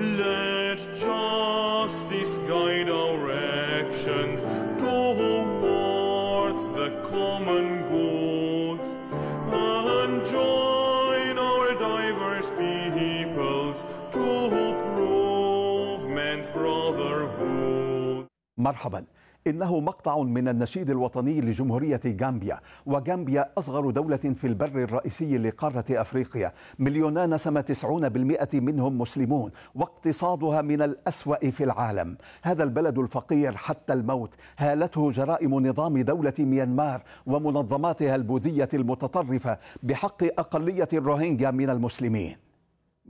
Let justice guide our actions towards the common good, and join our diverse peoples to prove man's brotherhood. مرحبا إنه مقطع من النشيد الوطني لجمهورية غامبيا وغامبيا أصغر دولة في البر الرئيسي لقارة أفريقيا مليونا نسمة 90% منهم مسلمون واقتصادها من الأسوأ في العالم هذا البلد الفقير حتى الموت هالته جرائم نظام دولة ميانمار ومنظماتها البوذية المتطرفة بحق أقلية الروهينجا من المسلمين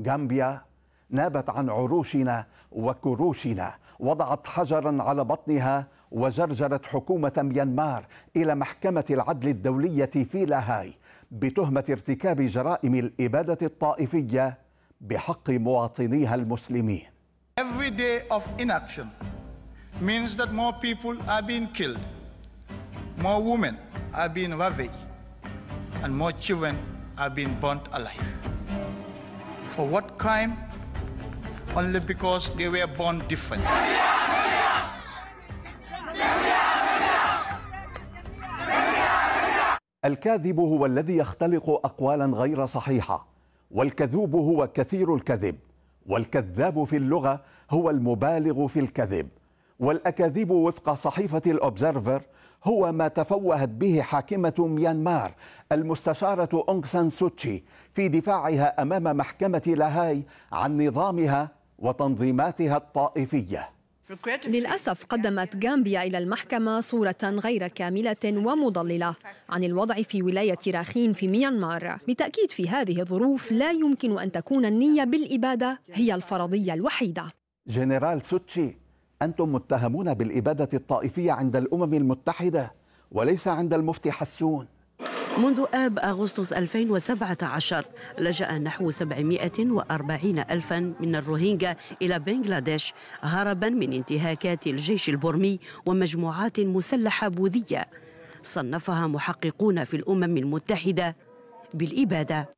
غامبيا نابت عن عروشنا وكروشنا وضعت حجرا على بطنها وزرزرت حكومة ميانمار إلى محكمة العدل الدولية في لاهاي بتهمة ارتكاب جرائم الإبادة الطائفية بحق مواطنيها المسلمين. Every day of inaction means that more people are being killed, more women are being ravaged, and more children are being burnt alive. For what crime? Only because they were born different. الكاذب هو الذي يختلق أقوالا غير صحيحة والكذوب هو كثير الكذب والكذاب في اللغة هو المبالغ في الكذب والأكاذيب وفق صحيفة الأوبزرفر هو ما تفوهت به حاكمة ميانمار المستشارة أونغ سان سوتشي في دفاعها أمام محكمة لاهاي عن نظامها وتنظيماتها الطائفيه للأسف قدمت غامبيا إلى المحكمة صورة غير كاملة ومضللة عن الوضع في ولاية راخين في ميانمار بالتأكيد في هذه الظروف لا يمكن أن تكون النية بالإبادة هي الفرضية الوحيدة جنرال سوتشي أنتم متهمون بالإبادة الطائفية عند الأمم المتحدة وليس عند المفتي حسون منذ آب أغسطس 2017 لجأ نحو 740 ألفا من الروهينجا إلى بنغلاديش هربا من انتهاكات الجيش البرمي ومجموعات مسلحة بوذية صنفها محققون في الأمم المتحدة بالإبادة